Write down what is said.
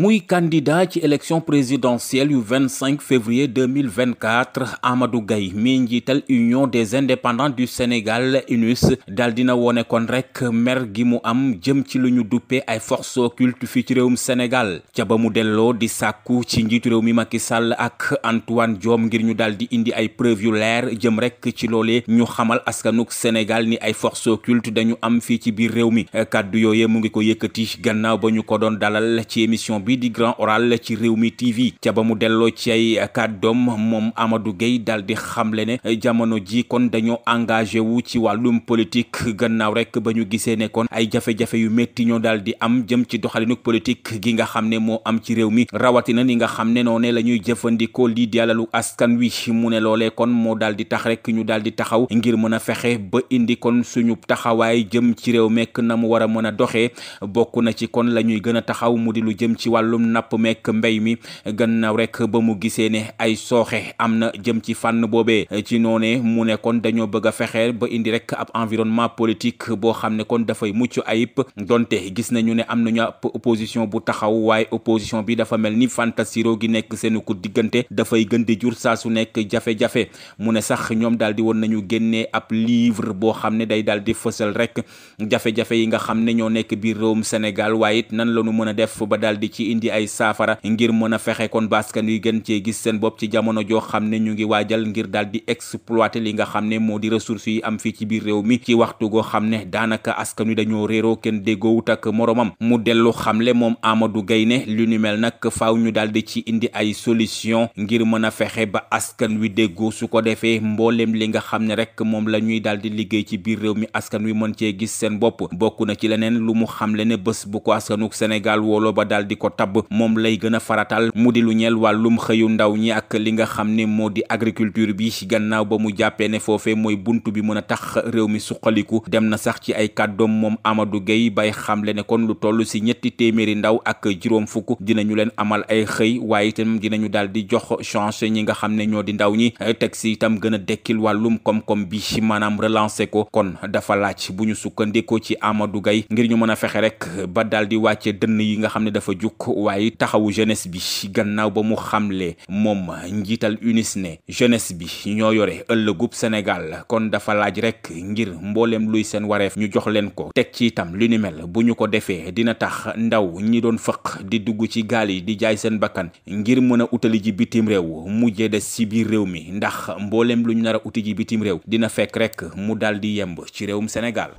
muy candidat ci élection présidentielle yu 25 février amadu Amadou Gaye mi njiital union des indépendants du Sénégal UNIS daal dina wone kon rek mer gi mu am jëm ci lu ñu duppee ay forces occultes fii ci réewum Sénégal ca ba mu delloo di sàkku ci njiitu réew mi Macky Sall ak Antoine joom ngir ñu daal di indi ay preuve yu leer jëm rek ci loolee ñu xamal askanuk Sénégal ni ay forces occultes dañu am fii ci biir réew mi kàddu yooyee mu ngi ko yëkkati gannaaw ba ñu ko doon dalal ci émission bi bi di grand oral ci réew mi TV ca ba mu delloo ci ay doom moom Amadou gay daal di xamle ne jamono ji kon dañoo engagé wu ci wàllum politique gannaaw rek ba ñu gisee ne kon ay jafe-jafe yu métti ñoo daal di am jëm ci doxalinuk politique gi nga xam ne moo am ci réew mi rawatina ni nga xam ne noone la ñuy jëfandikoo lii di alalu askan wi mu ne loolee kon moo daal di tax rek ñu daal di taxaw ngir mën a fexe ba indi kon suñu taxawaay jëm ci réew mekk na mu war mën a doxee wàllum napp meek mbéy mi gannaaw rek ba mu gisee ne ay sooxe am na jëm ci fànn boobee ci noone mu ne kon dañoo bëgg a fexe ba indi rek ab environnement politique boo xam ne kon dafay mucc ay ayib donte gis nañu ne am nañu ab opposition bu taxaw waaye opposition bi dafa mel ni fantasiro gi nekk seenu ko diggante dafay gën di jur saa su nekk jafe-jafe mu ne sax ñoom daal di woon nañu génnee ab livre boo xam ne day daal di fësal rek jafe-jafe yi nga xam ne ñoo ci indi ay saafara ngir mën a fexe kon baskan wi gën cee gis seen bopp ci jamono joo xam ne ñu ngi waajal ngir daal di li nga xam ne moo di ressources yi am fii ci biir réew mi ci waxtu goo xam ne daanaka askan wi dañoo réeroo kenn déggoowut ak moromam mu dellu xamle moom Amadou Gaye ne lu ni mel nag faaw ñu daal di ci indi ay solution ngir mën a fexe ba askan wi déggoo su ko defee mbooleem li nga xam ne rek moom lañuy ñuy di liggéey ci biir réew mi askan wi mën cee gis seen bopp bokk na ci tabb moom lay gën a faratal mu di lu ñeel wàllum xëyu ndaw ñi ak li nga xam ne moo di agriculture bi gannaaw ba mu jàppee ne foofe mooy buntu bi mën a tax réew mi suqaliku dem na sax ci ay kàddoom moom Amadou Gueye bay xamle ne kon lu toll si ñetti téeméeri ndaw ak juróom fukk dinañu leen amal ay xëy waaye itam dinañu daal di jox chance ñi nga xam ne ñoo di ndaw ñi teg si itam gën a dekkil wàllum koom-koom bi ci maanaam relancer ko kon dafa laaj bu ñu sukkandikoo ci amadu Gueye ngir ñu mën a fexe rek ba daal wàcce dënn yi nga xam ne waaye taxawu jeunesse bi gannaaw ba mu xamle moom njiital unis ne jeunesse bi ñoo yore ëllëgub Sénégal kon dafa laaj rek ngir mboolem luy seen wareef ñu jox leen ko teg ci itam li nu mel bu ñu ko defee dina tax ndaw ñi doon fëq di dugg ci gaal yi di jaay seen bakkan ngir mën a utali ji bitim réew mujje des ci biir réew mi ndax mboolem lu ñu nar a uti ji bitim réew dina fekk rek mu daal di yemb ci réewum senegal